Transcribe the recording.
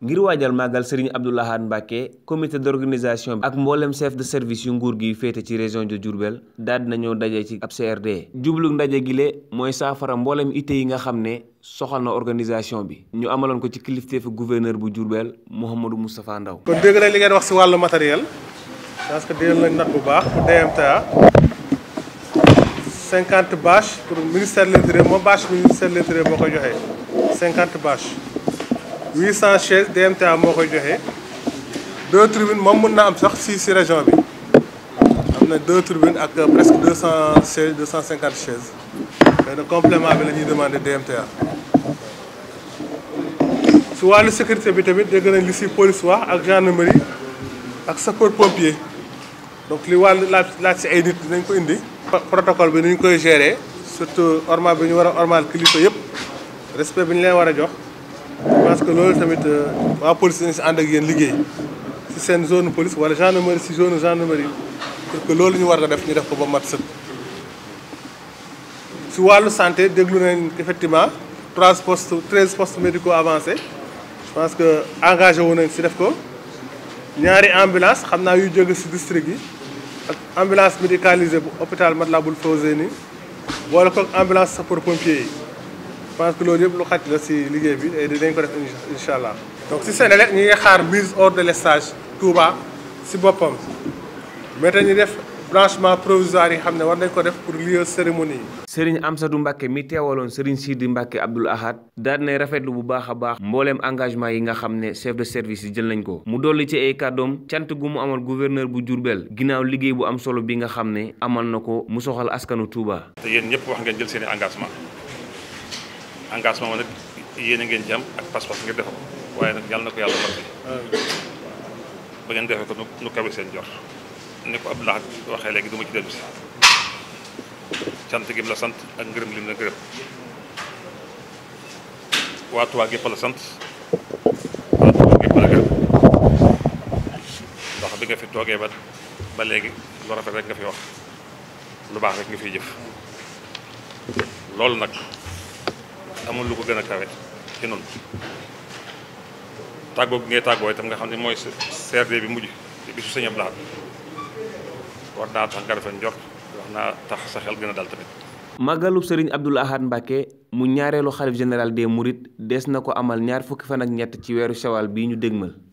ngir waajal màggal Serigne Abdou Lahad Mbacké comité d'organisation bi ak mboolem chef de service yu nguur gi féete ci région de Diourbel daal dinañoo daje ci ab CRD jublu ndaje gile mooy saafara mboolem ité yi nga xam ne soxal na organisation bi ñu amaloon ko ci kilifteefu gouverneur bu Diourbel Mouhamadou Moustapha Ndaw kon dégg nañ wax si wàllu matériel parce que dégg nañ nat bu baax DMTA 50 bâche pour ministère ministère de l'intérieur koy joxee cent 816 DMTA moo koy joxe deux tribunes moom mën naa am sax si si région bi am na deux tribunes ak euh, presque 216 250 chaises xëy na complément bi la ñuy demandé DMTA. su wàllu sécurité bi tamit dégg nañ li si police wax ak gendarmerie ak sa sapeur pompier donc li wàll laaj laaj si ay nit dinañ ko indi. protocole bi ni ñu koy gérer surtout ormal bi ñu war a ormal kilifa yëpp respect bi ñu leen war a jox. parce que loolu tamit euh, waa police nañ si ànd ak yéen liggéey si seen zone police wala gendarmerie si zone gendarmerie pour que loolu ñu war a def ñu def ko ba mat sëkk. si wàllu santé déglu nañ effectivement trois postes treize postes médicaux avancés je que engagé wu nañ si def ko ñaari ambulance xam naa yu jóge si district yi ak ambulance médicalisée bu hôpital Matlaboul Fawzeyni boole ko ambulance sapeur pompier yi. pense loolu yëpp lu xaj la si liggéey bi dañ dinañ ko def incha allah. donc si Senelec ñu ngi xaar mise hors de lestage Touba si boppam mais ñu def branchement provisoire yi xam ne war nañ ko def pour lieu cérémonie yi. Serigne Amsadou Mbacke mi teewaloon Serigne Sidi Mbacke Abdoul Ahad daal nay rafetlu bu baax a baax mbooleem engagement yi nga xam ne chef de service yi jël nañ ko mu dolli ci ay kàddoom cant gu mu amal gouverneur bu Diourbel ginnaaw liggéey bu am solo bi nga xam ne amal na ko mu soxal askanu Touba. te yéen ñëpp wax ngeen jël seen engagement engagement nag yéen a ngeen ci am ak pas-pas ngir def ko waaye nag yàlla na ko yàlla mot bi ba ngeen defee ko nu kawe seen jor ne ko ab laaj waxee léegi du ci dellu si sant gi la sant ak ngërëm lim la ngërëm waa Tuubaa la sant waa Tuubaa la ngërëm ndax bi nga fi toogee ba ba léegi lu rafet rek nga fi wax lu baax rek nga fiy jëf loolu nag amul lu ko gën a kawe ci noonu tàggoo ngay tàggoo itam nga xam ne mooy CRD bi mujj ci bisu sëñ Abdou Lahad war naa tax nga rafet njort wax naa tax sa xel gën dal tamit màggalub sëriñ Abdou Lahad mu ñaareelu xalif général des Mourides des na ko amal ñaar fukki fan ak ñett ci weeru shawal bii ñu dégmal